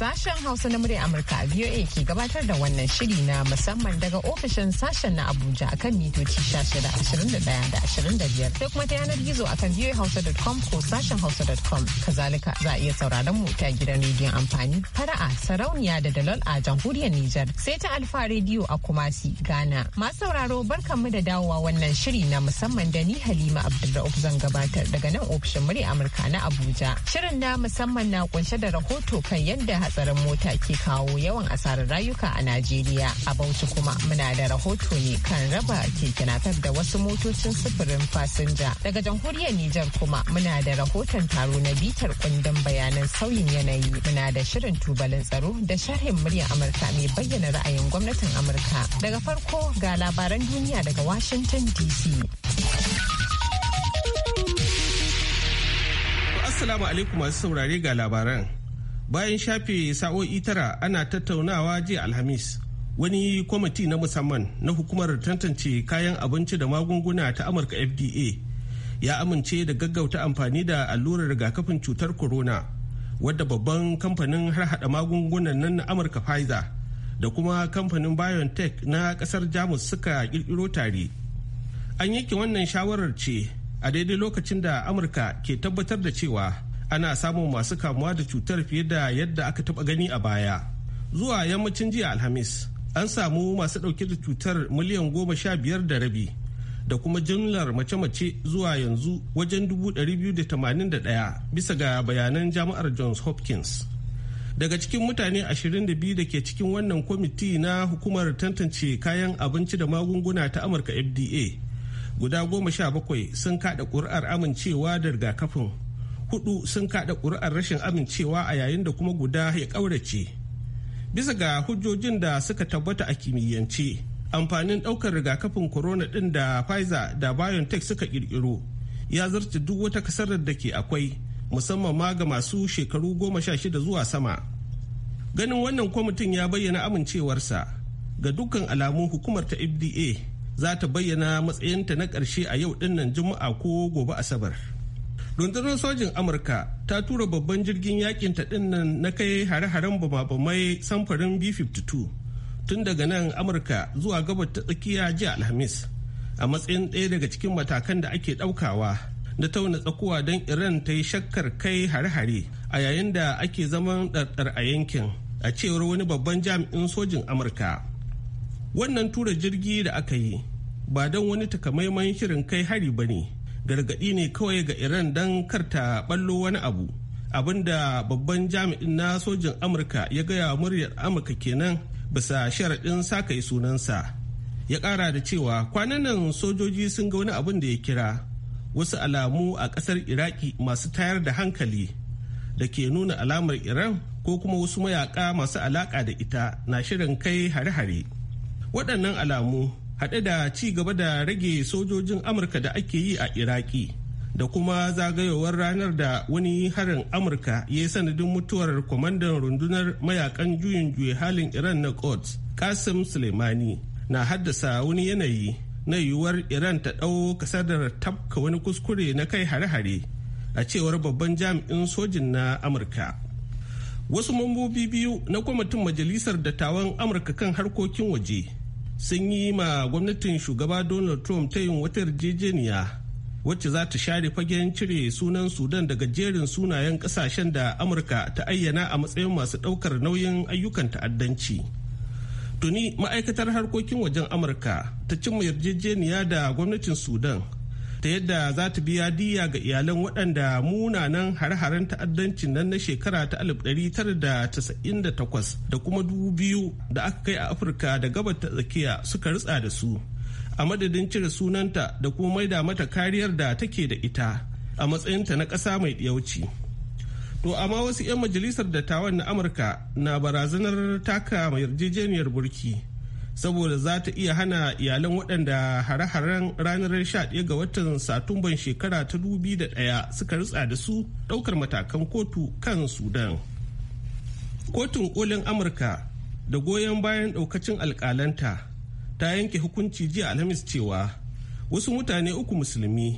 Sashen Hausa na murya Amurka a VOA ke gabatar da wannan shiri na musamman daga ofishin sashen na Abuja akan mitoci 1621 da da biyar sai kuma ta yanar gizo akan voahausa.com ko sashen hausa hausa.com. Kazalika za a iya sauraron mu ta gidan rediyon amfani fara'a sarauniya da dalol a jamhuriyar Nijar sai ta Alfa rediyo a Kumasi Ghana. Masu sauraro barkanmu da dawowa wannan shiri na musamman da ni Halima Abdulrauf zan gabatar daga nan ofishin murya Amurka na Abuja. Shirin na musamman na kunshe da rahoto kan yadda hatsarin mota ke kawo yawan asarar rayuka a Najeriya. A Bauchi kuma muna da rahoto ne kan raba keke napep da wasu motocin sufurin fasinja. Daga jamhuriyar Nijar kuma muna da rahoton taro na bitar kundin bayanan sauyin yanayi. Muna da shirin tubalin tsaro da sharhin muryar Amurka mai bayyana ra'ayin gwamnatin Amurka. Daga farko ga labaran duniya daga Washington DC. Assalamu alaikum masu saurare ga labaran. bayan shafe sa'o'i tara ana tattaunawa jiya alhamis wani kwamiti na musamman na hukumar tantance kayan abinci da magunguna ta amurka fda ya amince da gaggauta amfani da allurar rigakafin cutar corona wadda babban kamfanin harhaɗa magungunan nan na amurka pfizer da kuma kamfanin biontech na ƙasar jamus suka ƙirƙiro tare an yanke wannan shawarar ce a daidai lokacin da amurka ke tabbatar da cewa ana samun masu kamuwa da cutar fiye da yadda aka taba gani a baya zuwa yammacin jiya alhamis an samu masu dauke da cutar miliyan goma sha biyar da rabi da kuma jumlar mace-mace zuwa yanzu wajen 281 bisa ga bayanan jami'ar johns hopkins daga cikin mutane 22 da ke cikin wannan kwamiti na hukumar tantance kayan abinci da magunguna ta amurka fda guda goma sha bakwai sun kada ƙuri'ar amincewa da rigakafin hudu sun kada kuri'ar rashin amincewa a yayin da kuma guda ya ƙaurace bisa ga hujjojin da suka tabbata a kimiyyance amfanin ɗaukar rigakafin corona ɗin da pfizer da biontech suka ƙirƙiro ya zarce duk wata kasar da ke akwai musamman ma ga masu shekaru goma sha shida zuwa sama ganin wannan kwamitin ya bayyana amincewarsa ga dukkan alamun hukumar ta fda za ta bayyana matsayinta na ƙarshe a yau ɗinnan juma'a ko gobe asabar. rundunar sojin amurka ta tura babban jirgin yakin ta dinnan na kai hare-haren bama-bamai samfarin b-52 tun daga nan amurka zuwa gabar ta tsakiya jiya alhamis a matsayin ɗaya daga cikin matakan da ake ɗaukawa na tauna tsakuwa don iran ta yi shakkar kai hare-hare a yayin da ake zaman ɗarɗar a yankin a cewar wani babban jami'in sojin amurka wannan tura jirgi da aka yi ba don wani takamaiman shirin kai hari ba ne gargaɗi ne kawai ga iran don karta ballo wani abu abinda babban jami'in na sojin amurka ya gaya muryar amurka kenan bisa sharaɗin sakai sunansa ya ƙara da cewa kwanan nan sojoji sun ga wani abin da ya kira wasu alamu a ƙasar iraki masu tayar da hankali da ke nuna alamar iran ko kuma wasu mayaka masu alaƙa da ita na shirin kai hare-hare waɗannan alamu haɗe da ci gaba da rage sojojin amurka da ake yi a iraki da kuma zagayowar ranar da wani harin amurka ya yi sanadin mutuwar kwamandan rundunar mayakan juyin juya halin iran na quds kasim suleimani na haddasa wani yanayi na yiwuwar iran ta ɗau kasadar tabka wani kuskure na kai hare-hare a cewar babban jami'in sojin na amurka wasu mambobi biyu na kwamitin majalisar dattawan amurka kan harkokin waje sun yi ma gwamnatin shugaba donald trump ta yin wata yarjejeniya wacce za ta share fagen cire sunan sudan daga jerin sunayen kasashen da amurka ta ayyana a matsayin masu daukar nauyin ayyukan ta'addanci tuni ma'aikatar harkokin wajen amurka ta cimma yarjejeniya da gwamnatin sudan ta yadda za ta biya diya ga iyalan waɗanda munanan har-haren ta'addanci nan na shekara ta 1998 da kuma dubu biyu da aka kai a afirka da gabar ta tsakiya suka ritsa da su a madadin cire sunanta da kuma maida mata kariyar da take da ita a matsayinta na ƙasa mai ɗiyauci. To amma wasu 'yan majalisar dattawan na Amurka na barazanar taka mai yarjejeniyar burki saboda za ta iya hana iyalan waɗanda hare-haren ranar 11 ga watan satumban shekara ta da ɗaya suka ritsa da su ɗaukar matakan kotu kan sudan kotun kolin amurka da goyon bayan ɗaukacin alƙalanta ta yanke hukunci jiya alhamis cewa wasu mutane uku musulmi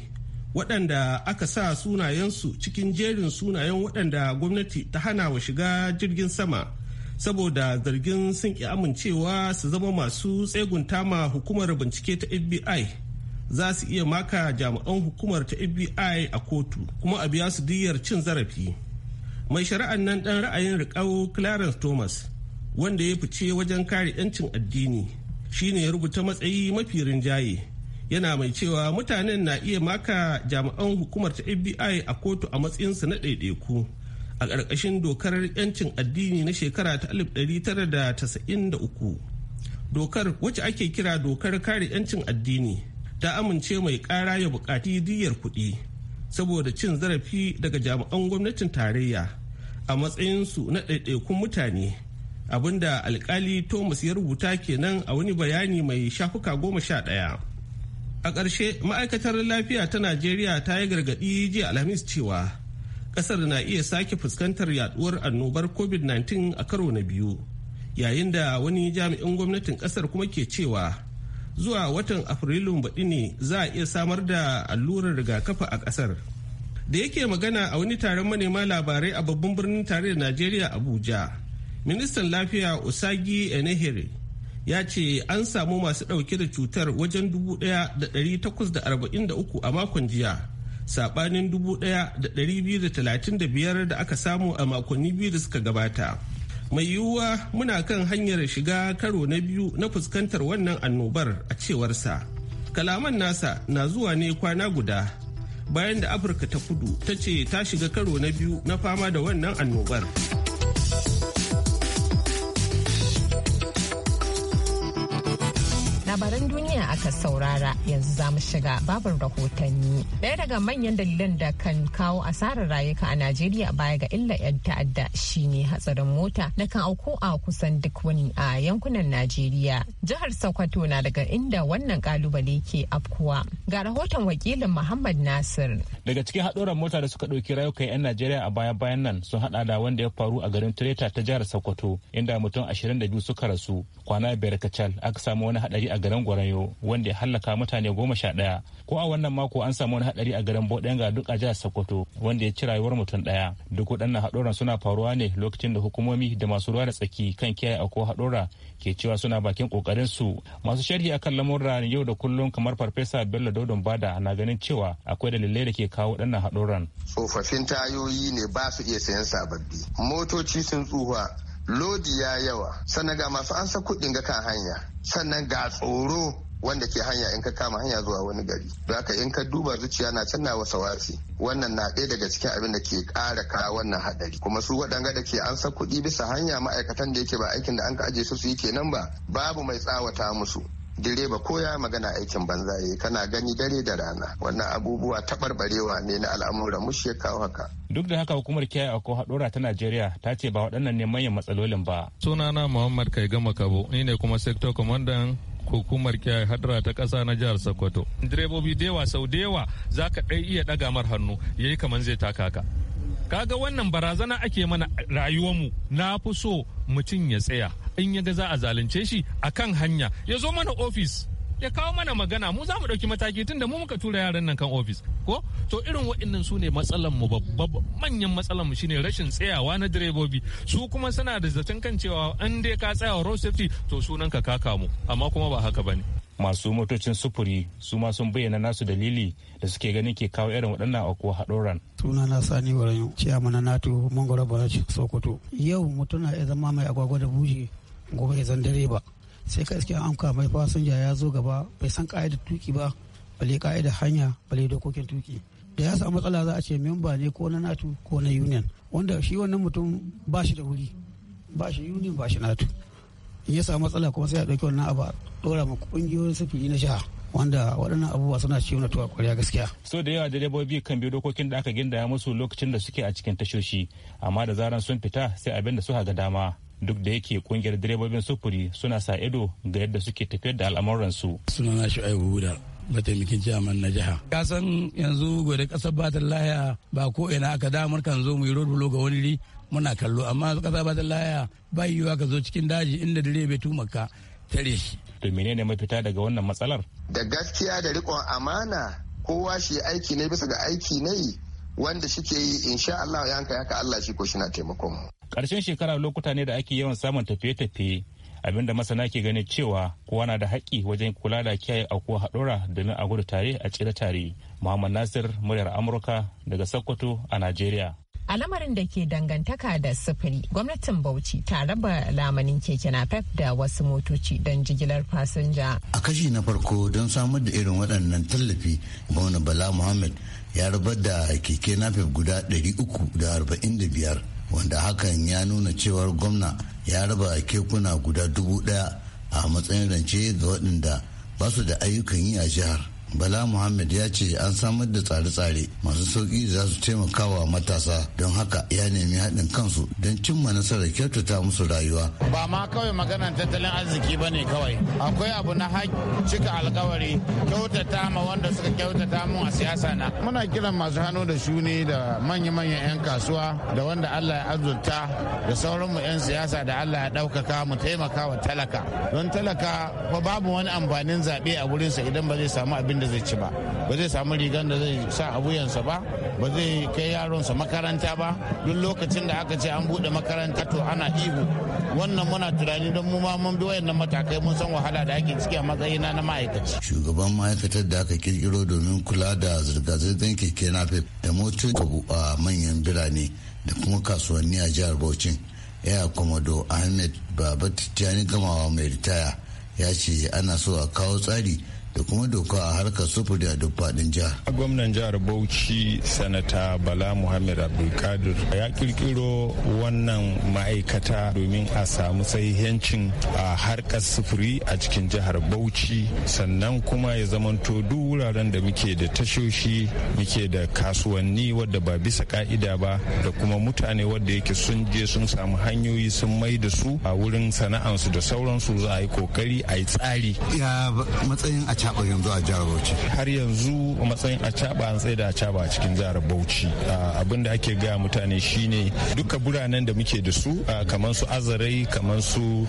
waɗanda aka sa sunayensu cikin jerin sunayen waɗanda gwamnati ta hana wa shiga jirgin sama saboda zargin sun ki amincewa su zama masu tsegunta ma hukumar bincike ta FBI za su iya maka jami'an hukumar ta FBI a kotu kuma a biya su diyar cin zarafi. Mai shari'an nan ɗan ra'ayin riƙau Clarence Thomas wanda ya fice wajen kare 'yancin addini shine ya rubuta matsayi mafi rinjaye. yana mai cewa mutanen na iya maka jami'an hukumar ta fbi a kotu a matsayinsu na ɗaiɗaiku a ƙarƙashin dokar 'yancin addini na shekara ta 1993 dokar wacce ake kira dokar kare 'yancin addini ta amince mai ƙara ya buƙaci diyyar kuɗi saboda cin zarafi daga jami'an gwamnatin tarayya a matsayinsu na ɗaiɗaikun mutane abinda alkali thomas ya rubuta kenan a wani bayani mai shafuka goma sha ɗaya a ƙarshe ma'aikatar lafiya ta najeriya ta yi gargaɗi jiya alhamis cewa kasar na iya sake fuskantar yaduwar annobar covid-19 a karo na biyu yayin da wani jami'in gwamnatin kasar kuma ke cewa zuwa watan afrilun baɗi ne za a iya samar da allurar rigakafi a kasar da yake magana a wani taron manema labarai a babban birnin tarayyar najeriya abuja ministan lafiya usagi enehere ya ce an samu masu ɗauke da cutar wajen 1,843 a makon jiya sabanin 1,235 da aka samu a makonni biyu da suka gabata. Mai yiwuwa muna kan hanyar shiga karo na biyu na fuskantar wannan annobar a cewarsa. Kalaman nasa na zuwa ne kwana guda bayan da Afirka ta kudu ta ce ta shiga karo na biyu na fama da wannan annobar. labaran duniya aka saurara yanzu za mu shiga babin rahotanni. Daya daga manyan dalilan da kan kawo asarar rayuka a Najeriya baya ga illa 'yan ta'adda shine hatsarin mota da kan auku a kusan duk wani a yankunan Najeriya. Jihar Sokoto na daga inda wannan kalubale ke afkuwa. Ga rahoton wakilin Muhammad Nasir. Daga cikin haɗuran mota da suka ɗauki rayukan 'yan Najeriya a baya-bayan nan sun haɗa da wanda ya faru a garin Tureta ta jihar Sokoto inda mutum ashirin da biyu suka rasu kwana biyar kacal aka samu wani haɗari a garin Gwarayo wanda ya hallaka mutane goma sha ɗaya. Ko a wannan mako an samu wani haɗari a garin Bodenga duk a jihar Sokoto wanda ya ci rayuwar mutum ɗaya. Duk waɗannan haɗoran suna faruwa ne lokacin da hukumomi da masu ruwa da tsaki kan kiyaye a ko haɗora ke cewa suna bakin ƙoƙarin su. Masu sharhi akan lamurra yau da kullum kamar Farfesa Bello Dodon Bada na ganin cewa akwai dalilai da ke kawo waɗannan haɗoran. Tsofaffin tayoyi ne ba su iya sayan sababbi. Motoci sun tsufa lodi ya yawa sannan ga masu ansa kuɗin ga kan hanya sannan ga tsoro wanda ke hanya in ka kama hanya zuwa wani gari da haka in ka duba zuciya na can na wasa wasi wannan na ɗaya daga cikin abin da ke ƙara kawo wannan haɗari kuma su waɗanga da ke ansa kuɗi bisa hanya ma'aikatan da yake ba aikin da an ka aje su su yi kenan ba babu mai tsawata musu direba ko ya magana aikin banza yi kana gani dare da rana wannan abubuwa taɓarɓarewa ne na al'amura mu shi kawo haka duk da haka hukumar kiyaye ako haɗura ta najeriya ta ce ba waɗannan ne manyan matsalolin ba sunana muhammad kai gama kabo ni ne kuma sector commandan hukumar kiyaye hadura ta kasa na jihar sokoto direbobi dewa sau dewa za ka ɗai iya ɗaga mar hannu ya yi kamar zai taka ka kaga wannan barazana ake mana rayuwarmu na fi so mutum ya tsaya in ya ga za a zalunce shi a kan hanya ya zo mana ofis ya kawo mana magana mu za mu ɗauki mataki tun da mu muka tura yaran nan kan ofis ko to irin waɗannan su ne matsalan mu babban manyan matsalan mu shine rashin tsayawa na direbobi su kuma suna da zaton kan cewa in dai ka tsaya road safety to sunan ka ka kamu amma kuma ba haka bane masu motocin sufuri su ma sun bayyana nasu dalili da suke ganin ke kawo irin waɗannan kuwa haɗoran. suna na sani warayu ciya nato mangoro barci sokoto yau mutum na ya zama mai agwagwa da buje gobe ya zandare ba sai ka iske amka mai fasinja ya zo gaba bai san ka'idar tuki ba bale ka'idar hanya bale dokokin tuki da ya samu matsala za a ce memba ne ko na natu ko na union wanda shi wannan mutum ba shi da wuri ba shi union ba shi natu in ya samu matsala kuma sai a ɗauki wannan abu a ɗora ma ƙungiyoyin sufuri na jiha wanda waɗannan abubuwa suna ciwo na tuwa ƙwarya gaskiya. so da yawa direbobi kan biyo dokokin da aka gindaya musu lokacin da suke a cikin tashoshi amma da zaran sun fita sai abin da su ga dama duk da yake kungiyar direbobin sufuri suna sa ido ga yadda suke tafiyar da al'amuransu. sunana shu'aibu huda mataimakin ciyaman na jiha. Ka san yanzu gwada kasar ta laya ba ko ina aka damar kan zo mu yi rodulo ga wani ri muna kallo amma kasa ta laya ba yiwuwa ka zo cikin daji inda dare bai tumaka tare shi. To menene mafita daga wannan matsalar? Da gaskiya da riƙon amana kowa shi aiki ne bisa ga aiki ne wanda shike yi insha Allah yanka yaka Allah shi ko shi na taimakon mu. karshen shekara lokuta ne da ake yawan samun tafiye-tafiye abinda masana ke ganin cewa kowa na da haƙƙi wajen kula da kiyaye aukuwa haɗura domin a gudu tare a tsira tare muhammad nasir muryar amurka daga sokoto a najeriya a lamarin da ke dangantaka da sufuri gwamnatin bauchi ta raba lamanin keke napep da wasu motoci don jigilar fasinja a kashi na farko don samar da irin waɗannan tallafi gwamnati bala muhammad ya rabar da keke napep guda 345 wanda hakan ya nuna cewar gwamna ya raba kekuna guda dubu daya a matsayin rance ga waɗanda ba su da ayyukan yi a jihar bala muhammad ya ce an samar da tsare-tsare masu sauki za su taimaka wa matasa don haka ya nemi haɗin kansu don cimma nasarar kyautata musu rayuwa ba ma kawai maganar tattalin arziki ba ne kawai akwai abu na cika alkawari kyautata ma wanda suka kyautata mu a siyasa na muna kiran masu hannu da shuni da manya-manyan 'yan kasuwa da wanda allah ya azurta da sauran 'yan siyasa da allah ya ɗaukaka mu taimaka wa talaka don talaka babu wani amfanin zaɓe a wurinsa idan ba zai samu abin da zai ci ba ba zai samu rigan da zai sa a wuyansa ba ba zai kai yaronsa makaranta ba duk lokacin da aka ce an buɗe makaranta to ana ihu wannan muna tunani don mu ma mun bi wayannan matakai mun san wahala da ake ciki a matsayina na ma'aikaci shugaban ma'aikatar da aka kirkiro domin kula da zirga-zirgar keke napep da motocin kabu a manyan birane da kuma kasuwanni a jihar Bauchi ya komodo ahmed baba tijjani gamawa mai ritaya ya ce ana so a kawo tsari da kuma doka a harkar sufuri a duk faɗin jihar. Gwamnan jihar Bauchi Sanata Bala Muhammad Abdulkadir ya kirkiro wannan ma'aikata domin a samu sahihancin a harkar sufuri a cikin jihar Bauchi sannan kuma ya zamanto duk wuraren da muke da tashoshi muke da kasuwanni wadda ba bisa ka'ida ba da kuma mutane wadda yake sun je sun samu hanyoyi sun mai da su a wurin sana'ansu da sauransu za a yi kokari a yi tsari. Ya matsayin a acaba yanzu a jihar bauchi har yanzu a matsayin acaba an tsaye da acaba a cikin jihar bauchi abin da ake gaya mutane shine duka biranen da muke da su kamar su azarai kamar su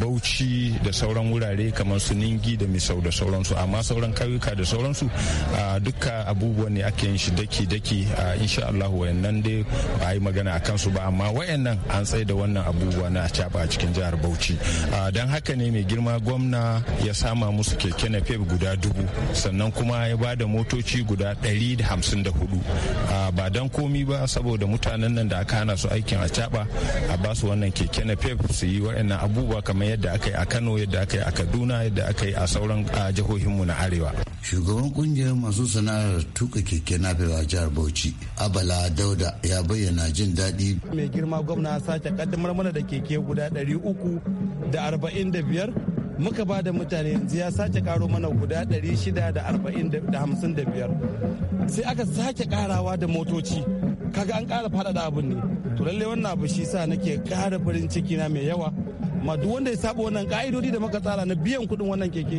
bauchi da sauran wurare kamar su ningi da misau da sauransu amma sauran kauyuka da sauransu duka abubuwan ne ake yin shi daki-daki insha Allah wayannan dai ba a yi magana a su ba amma wayannan an tsaye da wannan abubuwa na acaba a cikin jihar bauchi don haka ne mai girma gwamna ya sama musu keke na fef guda dubu sannan kuma ya ba da motoci guda 154 ba don komi ba saboda mutanen nan da aka hana su aikin a caba a ba su wannan keke na pep su yi waɗannan abubuwa kamar yadda aka yi a kano yadda aka yi a kaduna yadda aka yi a sauran jihohinmu na arewa shugaban kungiyar masu sana'ar tuka keke na a jihar bauchi abala dauda ya bayyana jin daɗi mai girma gwamna sake kaddamar mana da keke guda ɗari uku da da arba'in biyar. muka ba da mutane yanzu ya sake karo mana guda 645 sai aka sake karawa da motoci kaga an kara faɗaɗa abin ne to lallai wannan abu shi sa nake kara farin ciki na mai yawa ma duk wanda ya saba wannan ka'idodi da muka tsara na biyan kuɗin wannan keke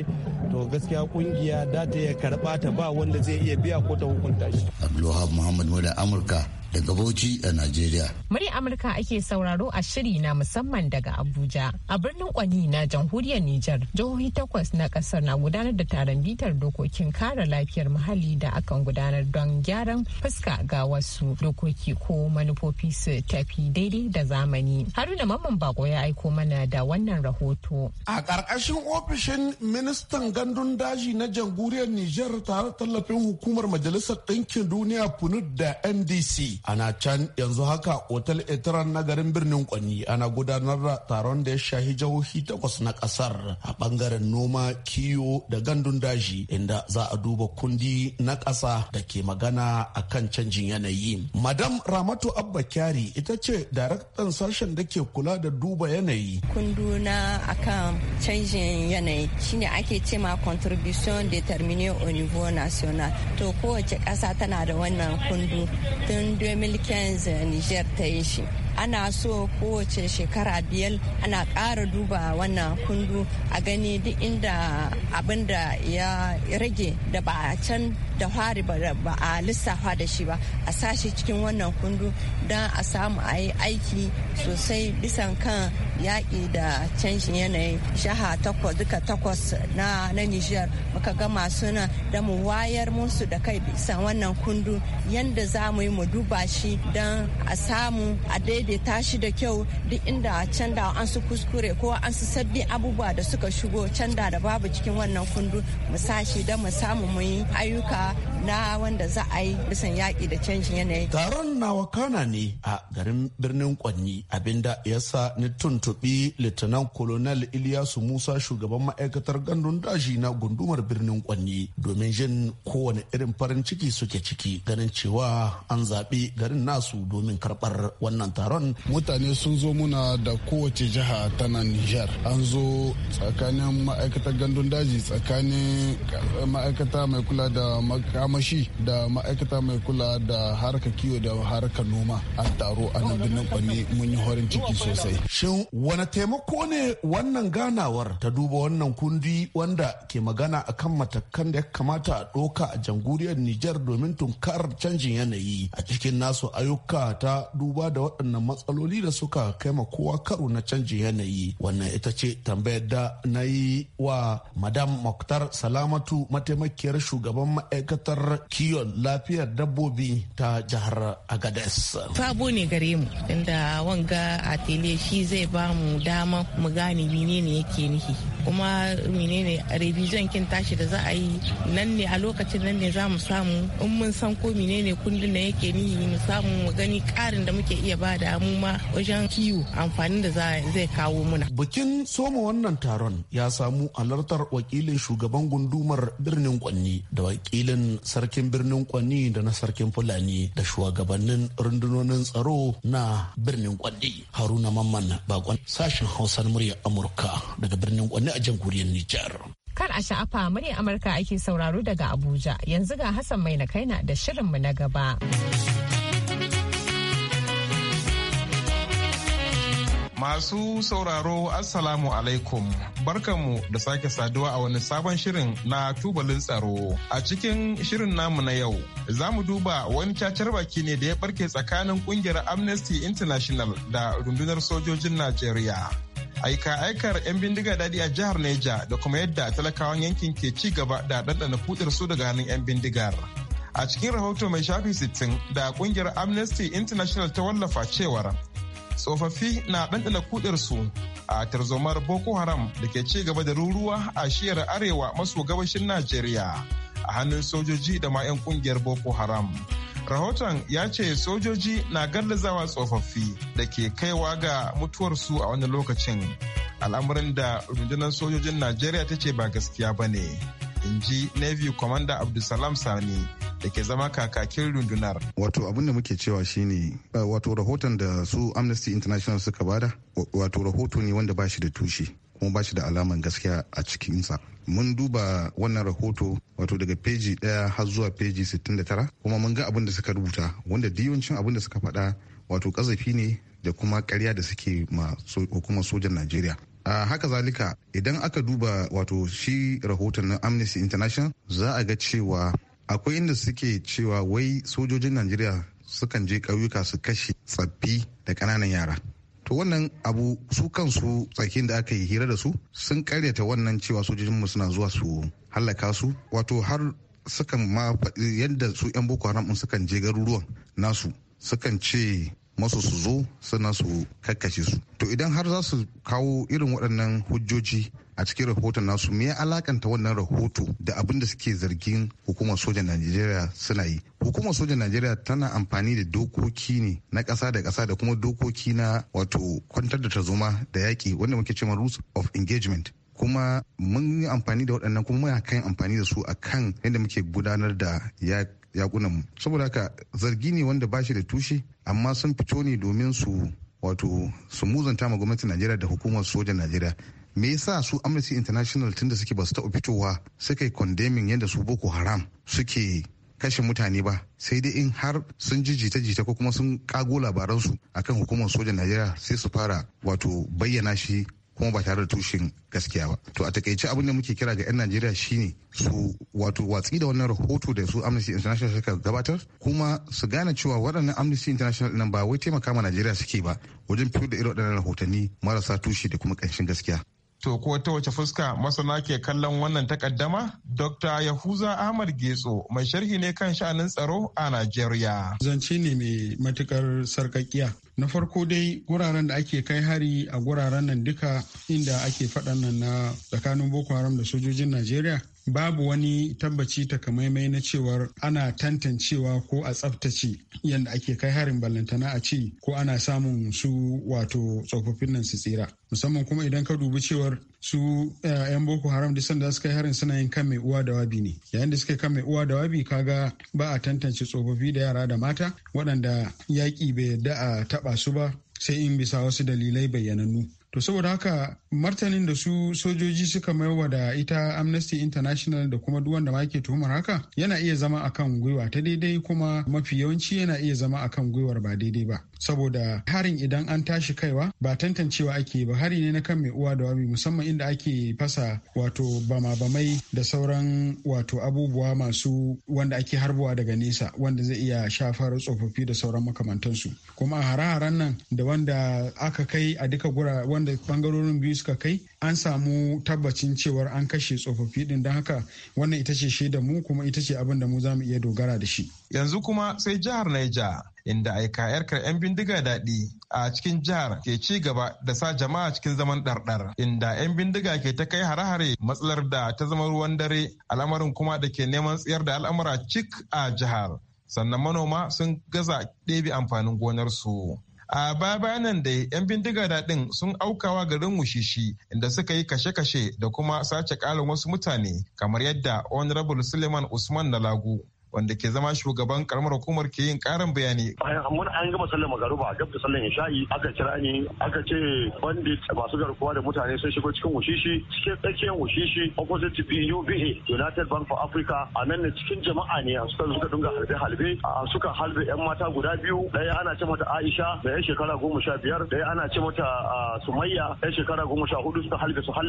to gaskiya kungiya da ta ya ta ba wanda zai iya biya ko ta hukunta shi abdulwahab muhammad wadda amurka daga Bauchi a Najeriya. Murya Amurka ake sauraro a shiri na musamman daga Abuja. A birnin Kwani na jamhuriyar Nijar, jihohi takwas na kasar na gudanar da taron bitar dokokin kare lafiyar muhalli da akan gudanar don gyaran fuska ga wasu dokoki ko manufofi su tafi daidai da zamani. Haruna Mamman Bako ya aiko mana da wannan rahoto. A ƙarƙashin ofishin ministan gandun daji na jamhuriyar Nijar tare tallafin hukumar Majalisar Ɗinkin Duniya PNUD da NDC ana can yanzu haka otal etiran na garin birnin kwanni ana gudanar da taron da ya shahi jihohi takwas na kasar a bangaren noma kiyo da gandun daji inda za a duba kundi na kasa da ke magana a kan canjin yanayi madam ramatu abba kyari ita ce daraktan sashen da ke kula da duba yanayi kunduna a kan canjin yanayi shine ake ce ma contribution determinée au niveau national to kowace kasa tana da wannan kundu tun mulkin Nijar ta yi shi. Ana so kowace shekara biyar ana ƙara duba wannan kundu a gani duk inda abin da ya rage da ba a can da fari ba a lissafa da shi ba a sashi cikin wannan kundu don a samu a yi aiki sosai bisan kan yaƙi da canjin yanayi shaha takwas duka takwas na Nijar muka gama suna da mu wayar musu da kai bisan wannan kundu yadda za mu yi mu duba shi don a samu a daidaita shi da kyau duk inda canda an su kuskure ko an su sabbin abubuwa da suka shigo canda da babu cikin wannan kundu mu sashi don mu samu mu yi ayyuka na wanda za a yi bisan yaƙi da canjin yanayi. Taron na wakana ne a garin birnin Kwanni abinda ya sa ni tuntuɓi Litinan Kolonel Iliyasu Musa shugaban ma'aikatar gandun daji na gundumar birnin Kwanni domin jin kowane irin farin ciki suke ciki ganin cewa an zaɓi garin nasu domin karɓar wannan taron. Mutane sun zo muna da kowace jiha ta Nijar. An zo tsakanin ma'aikatar gandun daji tsakanin ma'aikata mai kula da makamashi da ma'aikata mai kula da harka kiwo da harkar noma a taro a nan birnin kwanne mun yi horin ciki sosai. Shin wani taimako ne wannan ganawar ta duba wannan kundi wanda ke magana a kan matakan da ya kamata a ɗoka a jamhuriyar Nijar domin tunkarar canjin yanayi a cikin nasu ayyuka ta duba da waɗannan matsaloli da suka kai ma kowa karo na canjin yanayi wannan ita ce tambayar da na yi wa madam Muktar Salamatu mataimakiyar shugaban ma'aikatar ma'aikatar kiwon lafiyar dabbobi ta jihar agades sabo ne gare mu inda wanga tele shi zai ba mu dama mu gane menene yake nihi kuma menene revision kin tashi da za a yi nan ne a lokacin nan ne za mu samu in mun san ko menene kundin da yake nihi mu samu mu gani karin da muke iya bada mu ma wajen kiwo amfanin da zai kawo muna bikin soma wannan taron ya samu alartar wakilin shugaban gundumar birnin kwanni da wakilin sarkin birnin Kwanni da na sarkin Fulani da shugabannin rundunonin tsaro na birnin Kwanni. Haruna Mamman bakon sashen Hausar murya Amurka daga birnin Kwanni a jamhuriyar Nijar. Kar a sha'afa murya Amurka ake sauraro daga Abuja yanzu ga Hassan mai na kaina da shirinmu na gaba. Masu sauraro Assalamu alaikum barkanmu da sake saduwa a wani sabon shirin na tubalin tsaro. A cikin shirin namu na yau, za mu duba wani cacar baki ne da ya barke tsakanin kungiyar Amnesty International da rundunar sojojin Najeriya. Aika-aikar 'yan bindiga dadi a jihar Neja da kuma yadda talakawan yankin ke ci gaba da ɗanɗana kudar su daga hannun 'yan bindigar. A cikin rahoto mai shafi 60 da kungiyar Amnesty International ta wallafa cewar tsofaffi na ɗanɗana su a tarzomar boko haram da ke ci gaba da ruruwa a shiyar arewa maso gabashin najeriya a hannun sojoji da mayan kungiyar boko haram rahoton ya ce sojoji na gallazawa tsofaffi da ke kaiwa ga mutuwarsu a wani lokacin al'amarin da rundunar sojojin najeriya ta ce ba gaskiya ba ne in ji navy commander abdulsalam sani da ke zama kakakin rundunar. Wato abin da muke cewa shine wato rahoton da su Amnesty International suka bada wato rahoto ne wanda ba shi da tushe kuma ba shi da alaman gaskiya a cikinsa. mun duba wannan rahoto wato daga peji daya har zuwa peji 69 kuma mun ga abin da suka rubuta wanda diyoncin abin da suka faɗa wato kazafi ne da kuma karya da suke ma hukumar sojan najeriya a haka zalika idan aka duba wato shi rahoton na amnesty international za a ga cewa akwai inda suke cewa wai sojojin najeriya sukan je ƙauyuka su kashe tsaffi da ƙananan yara to wannan abu su kansu tsakin da aka yi hira da su sun karyata wannan cewa sojojin mu suna zuwa su halaka su wato har sukan ma yadda su 'yan boko haram sukan je garuruwan nasu sukan ce masu su zo sannan su kakkashe su to idan har za su kawo irin waɗannan hujjoji a cikin rahoton nasu me ya alakanta wannan rahoto da abin da suke zargin hukumar sojan najeriya suna yi hukumar sojan najeriya tana amfani da dokoki ne na ƙasa da ƙasa da kuma dokoki na wato kwantar da tarzoma da yaƙi wanda muke cewa rules of engagement kuma mun yi amfani da waɗannan kuma muna kan amfani da su a kan yadda muke gudanar da yakunan mu saboda haka zargi ne wanda ba shi da tushe amma sun fito ne domin su wato su muzanta ma gwamnatin najeriya da hukumar sojan najeriya me yasa su amnesty international tunda suke ba su taɓa fitowa sai kai condemning yadda su boko haram suke kashe mutane ba sai dai in har sun ji jita-jita ko kuma sun kago labaransu akan hukumar sojan najeriya sai su fara wato bayyana shi kuma ba tare da tushen gaskiya ba to a takaice abin da muke kira ga 'yan najeriya shine su wato watsi da wannan rahoto da su amnesty international suka gabatar kuma su gane cewa waɗannan amnesty international nan ba wai taimaka ma najeriya suke ba wajen fito da irin waɗannan rahotanni marasa tushe da kuma ƙanshin gaskiya To ko ta wace fuska masana ke kallon wannan takaddama? Dr. Yahuza Ahmad Getso mai sharhi ne kan sha'anin tsaro a Najeriya. Zance ne mai matukar sarkakiya. Na farko dai guraren da ake kai hari a guraren nan duka inda ake faɗan nan na tsakanin Boko Haram da sojojin Najeriya babu wani tabbaci takamaimai na cewar ana tantancewa ko a tsaftace yadda ake kai harin ballantana a ci ko ana samun su wato tsofaffin nan su tsira musamman kuma idan ka dubi cewar su eh, yan boko haram da sanda suka yi harin suna yin kan mai uwa da wabi ne yayin da suka kan mai uwa da wabi kaga ba a tantance tsofaffi da yara da mata waɗanda yaƙi bai yarda a taɓa su ba sai in bisa wasu dalilai bayyanannu to saboda haka martanin da su sojoji suka maiwa da ita amnesty international da kuma duk wanda ke tuhumar haka yana iya zama akan gwiwa ta daidai kuma mafi yawanci yana iya zama akan gwiwar ba daidai ba saboda harin idan an tashi kaiwa ba tantancewa ake ba hari ne na kan mai uwa da wabi musamman inda ake fasa wato bama-bamai da sauran wato abubuwa masu wanda ake harbuwa daga nesa wanda zai iya shafar tsofaffi da sauran makamantansu kuma a hare-haren nan da wanda aka kai a duka gura wanda bangarorin biyu suka kai an samu tabbacin cewar an kashe tsofaffi din don haka wannan ita ce shaida mu kuma ita ce abin da mu za mu iya dogara da shi yanzu kuma sai jihar Naija inda aika yarkar 'yan bindiga daɗi a cikin jihar ke ci gaba da sa jama'a cikin zaman ɗarɗar inda 'yan bindiga ke ta kai hare-hare matsalar da ta zama ruwan dare al'amarin kuma da ke neman tsayar da al'amura cik a jihar sannan manoma sun gaza ɗebe amfanin gonarsu. a baya nan da 'yan bindiga daɗin sun aukawa garin mushishi inda suka yi kashe-kashe da kuma sace ƙalin wasu mutane kamar yadda honorable suleiman usman na nalagu wanda ke zama shugaban karamar hukumar ke yin karin bayani. Mun an gama sallar magaruba a gabta sallar isha'i aka kira ni aka ce bandit masu garkuwa da mutane sun shigo cikin wushishi cikin tsakiyar wushishi opposite PUBA United Bank for Africa a nan ne cikin jama'a ne suka suka dinga halbe halbe suka halbe yan mata guda biyu daya ana ce mata Aisha da yan shekara goma sha biyar daya ana ce mata Sumayya yan shekara goma sha hudu suka halbe su har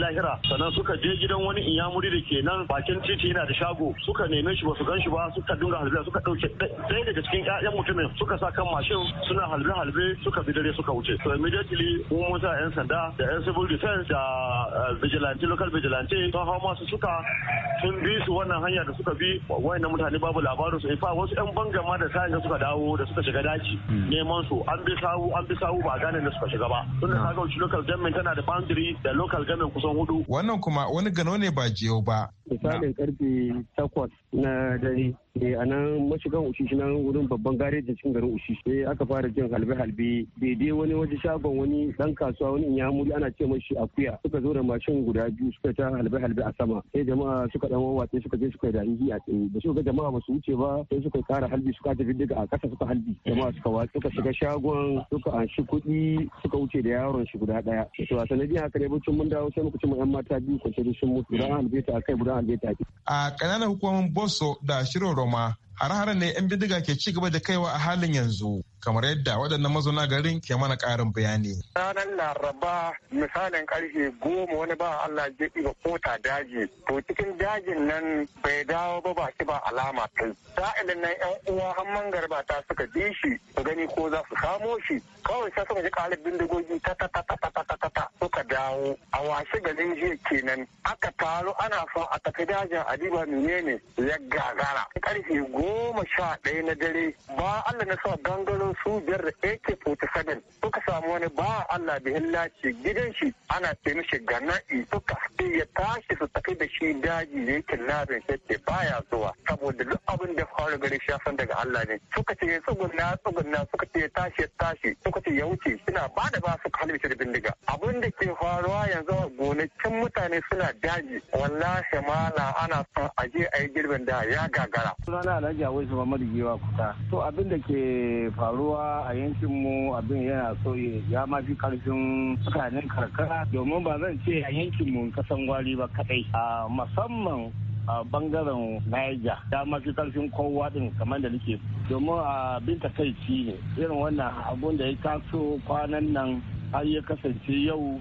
sannan suka je gidan wani inyamuri da ke nan bakin titi yana da shago suka neme shi ba gan shi ba suka dora halbe suka dauke ɗaya daga cikin ƴaƴan mutumin suka sa kan mashin suna halbe-halbe suka bi dare suka wuce. So immediately mun musa ƴan sanda da ƴan civil defense da eh, vigilante local vigilante sun hau masu suka sun bi su wannan hanya da suka bi wayannan mutane babu labarin su ifa wasu ƴan banga ma da sayan suka dawo da suka shiga daji hmm. neman su an bi sawu an bi sawu ba gane da suka shiga ba. Tunda hmm. ka local government tana da boundary da local government kusan hudu. Wannan kuma wani gano ne ba jiyo ba. misalin karfe takwas na dare ne a nan mashigan ushishi nan wurin babban garejin cikin garin ushishi sai aka fara jin halbe-halbe daidai wani waje shagon wani dan kasuwa wani muri ana ce mashi akuya suka zo da mashin guda biyu suka ta halbe-halbe a sama sai jama'a suka dan wawatse suka je suka yi a tsaye da suka jama'a ba su wuce ba sai suka kara halbi suka tafi daga a kasa suka halbi jama'a suka wa suka shiga shagon suka anshi kuɗi suka wuce da yaron shi guda ɗaya to a sanadiyar haka ne bacin mun dawo sai muka ci mu yan mata biyu kwance da sun mutu guda halbe ta akai guda A ƙananan hukumomin Boso da Shiro Roma har-haren ne 'yan bindiga ke ci gaba da kaiwa a halin yanzu kamar yadda waɗannan mazauna garin ke mana ƙarin bayani. Ranar Laraba misalin ƙarfe goma wani ba Allah ya ga kota daji. To cikin dajin nan bai dawo ba ba ba alama kai. Sa'ilin nan 'yan uwa hamman garba ta suka bi shi su gani ko za su samo shi. Kawai sai suka ji ƙalib bindigogi ta ta ta ta ta ta ta ta suka dawo. A washe garin jiya kenan aka taru ana son a tafi dajin adiba menene ya gagara. Ƙarfe goma goma sha ɗaya na dare ba Allah na sa gangaro su biyar da AK-47 suka samu wani ba Allah da hillaci gidan shi ana ce mishi gana'i suka ya tashi su tafi da shi daji da yake labin ba baya zuwa saboda duk abin da faru gari shi san daga Allah ne suka ce ya tsugunna tsugunna suka ce ya tashi ya tashi suka ce ya wuce suna ba da ba su kalmi shi da bindiga abin da ke faruwa yanzu a gonakin mutane suna daji wallahi mala ana son aje a yi girbin da ya gagara. daraja wai su mamadu giwa kusa to abin da ke faruwa a yankin mu abin yana so ya ma fi karfin mutanen karkara domin ba zan ce a yankin mu kasan gwari ba kadai a musamman a bangaren naija. ya mafi karfin kowa din kamar da nake domin a bin takaici ne irin wannan abun da ya taso kwanan nan har ya kasance yau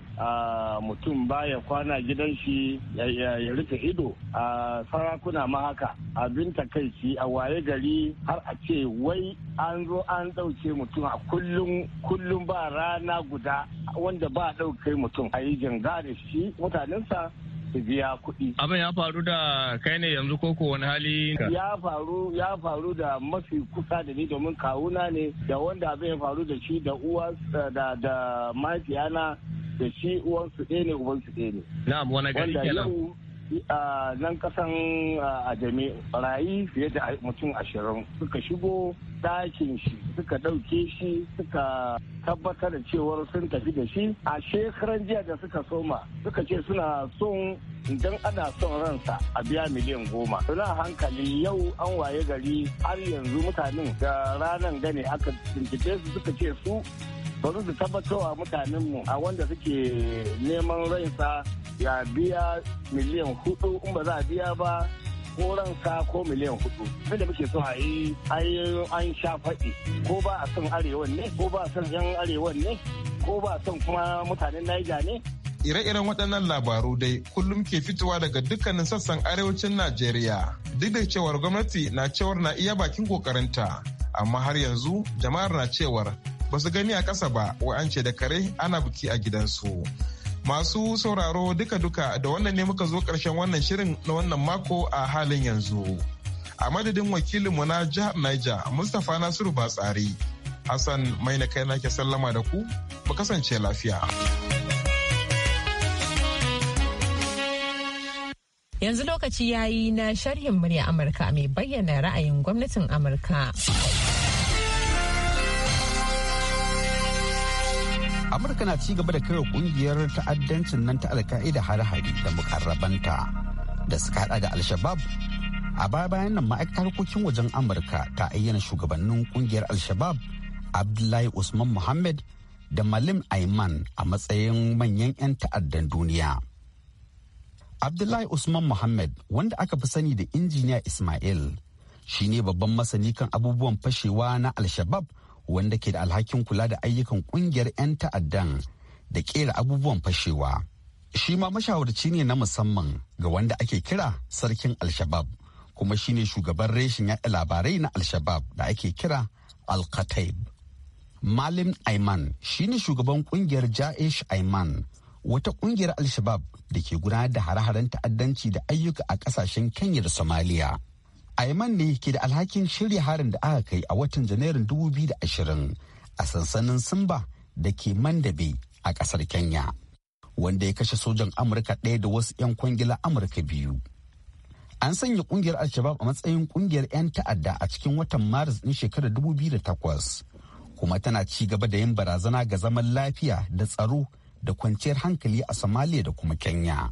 mutum baya kwana gidan shi ya rufe ido a sarakuna ma haka abin takaici a waye gari har a ce wai an zo an ɗauke mutum a kullum kullum ba rana guda wanda ba ɗauke mutum a yi jinga da shi mutanensa su biya kuɗi. Abin ya faru da kai ne yanzu koko wani hali? Ya faru ya faru da mafi kusa da ni domin kawuna ne da wanda abin ya faru da shi da uwa da da mahaifiyana da shi uwansu ɗaya ne su ɗaya ne. Na'am wani gari kenan. nan kasan ajami rayi fiye da mutum ashirin suka shigo dakin shi suka ɗauke shi suka tabbatar da cewar sun tafi da shi a shekaran jiya da suka soma suka ce suna son idan ana son ransa a biya miliyan goma. Suna hankali yau an waye gari har yanzu mutanen da ranar gane aka tuntube su suka ce su bari su tabbatar wa mutanen mu. a wanda suke neman ransa ya biya miliyan hudu in ba za a biya ba ko ransa ko miliyan hudu da muke so a yi an sha faɗi ko ba a son arewan ne ko ba a son yan arewan ne ko ba a son kuma mutanen naija ne ire-iren waɗannan labaru dai kullum ke fitowa daga dukkanin sassan arewacin najeriya duk da cewar gwamnati na cewar na iya bakin kokarinta amma har yanzu jama'ar na cewar ba su gani a ƙasa ba wa'ance da kare ana buki a gidansu. Masu sauraro duka-duka da wannan ne muka zo ƙarshen wannan shirin na wannan mako a halin yanzu. A madadin wakilinmu na jihar Niger, Mustapha Nasiru Batsari, Hassan mai na kai nake sallama da ku, mu kasance lafiya. Yanzu lokaci ya yi na sharhin murya Amurka mai bayyana ra'ayin gwamnatin Amurka. amurka na ci gaba da kaiwa kungiyar ta'addancin nan ta alka'ida hare-hare da mukarrabanta da suka hada da al-shabab a baya bayan nan ma'aikatar harkokin wajen amurka ta ayyana shugabannin kungiyar al-shabab abdullahi usman muhammad da malim aiman a matsayin manyan 'yan ta'addan duniya abdullahi usman muhammad wanda aka fi sani da injiniya ismail shine babban masani kan abubuwan fashewa na al-shabab wanda ke da alhakin kula da ayyukan kungiyar 'yan ta'addan da kera abubuwan fashewa shi ma mashawarci ne na musamman ga wanda ake kira sarkin alshabab kuma shi ne shugaban reshen yaɗa labarai na alshabab da ake kira al-kataib malim aiman ne shugaban kungiyar ja'ish aiman wata kungiyar al-shabab da ke gudanar da hare-haren ta'addanci da ayyuka a kasashen kenya da somalia aiman ne ke da alhakin shirya harin da aka kai a watan Janairun 2020 a sansanin Simba da ke Mandabe a kasar Kenya, wanda ya kashe sojan Amurka ɗaya da wasu 'yan kwangila Amurka biyu. An sanya kungiyar Alshabab a matsayin kungiyar 'yan ta'adda a cikin watan Maris ɗin shekarar takwas, kuma tana ci gaba da yin barazana ga zaman lafiya da tsaro da kwanciyar hankali a Somalia da kuma Kenya.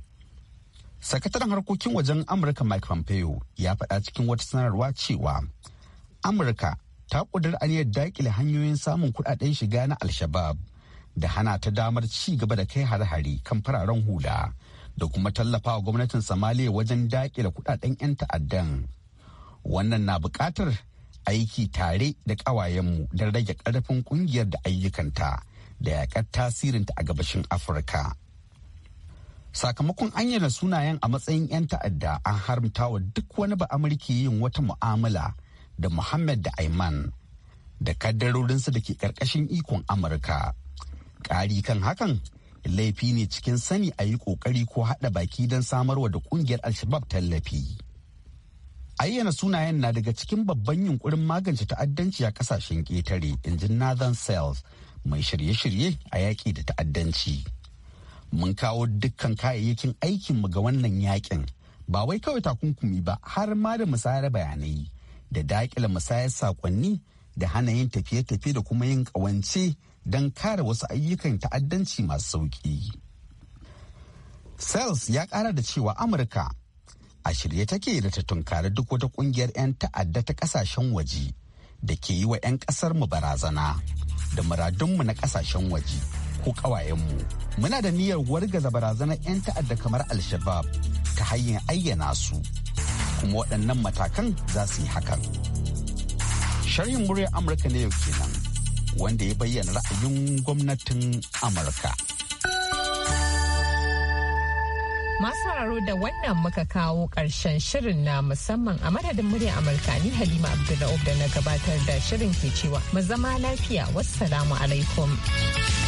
sakataren harkokin wajen amurka mike pompeo ya faɗa cikin wata sanarwa cewa amurka ta ƙudur aniyar daƙile hanyoyin samun kuɗaɗen shiga na alshabab da hana ta damar ci gaba da kai hare-hare kan fararen hula da kuma tallafa wa gwamnatin Somalia wajen daƙile kuɗaɗen 'yan ta'addan wannan na buƙatar aiki tare da ƙawayenmu don rage ƙarfin ƙungiyar da ayyukanta da yaƙar tasirinta a gabashin afirka sakamakon anyana sunayen a matsayin 'yan ta'adda an haramta wa duk wani ba amurki yin wata mu'amala da muhammad da aiman da kaddarorinsu da ke karkashin ikon amurka ƙari kan hakan laifi ne cikin sani a yi ƙoƙari ko haɗa baki don samarwa da ƙungiyar alshabab tallafi ayyana sunayen na daga cikin babban yunkurin magance ta'addanci a kasashen ƙetare injin northern sales mai shirye-shirye a yaƙi da ta'addanci. mun kawo dukkan kayayyakin aikin mu ga wannan yakin ba wai kawai takunkumi ba har ma da musayar bayanai da dakila musayar sakonni da hana yin tafiye-tafiye da kuma yin kawance don kare wasu ayyukan ta'addanci masu sauƙi. Sales ya kara da cewa Amurka a shirye take da ta tunkari duk wata kungiyar 'yan ta'adda ta kasashen waje da ke yi wa 'yan mu barazana da muradunmu na kasashen waje. ko ƙawayenmu muna da niyyar wargaza barazanar 'yan ta'adda kamar al-shabab ta hanyar ayyana su kuma waɗannan matakan za su yi hakan sharhin muryar amurka ne yau kenan wanda ya bayyana ra'ayin gwamnatin amurka Masu sauraro da wannan muka kawo ƙarshen shirin na musamman a madadin muryar Amurka ni Halima Abdullahi da na gabatar da shirin ke cewa mu zama lafiya wassalamu alaikum.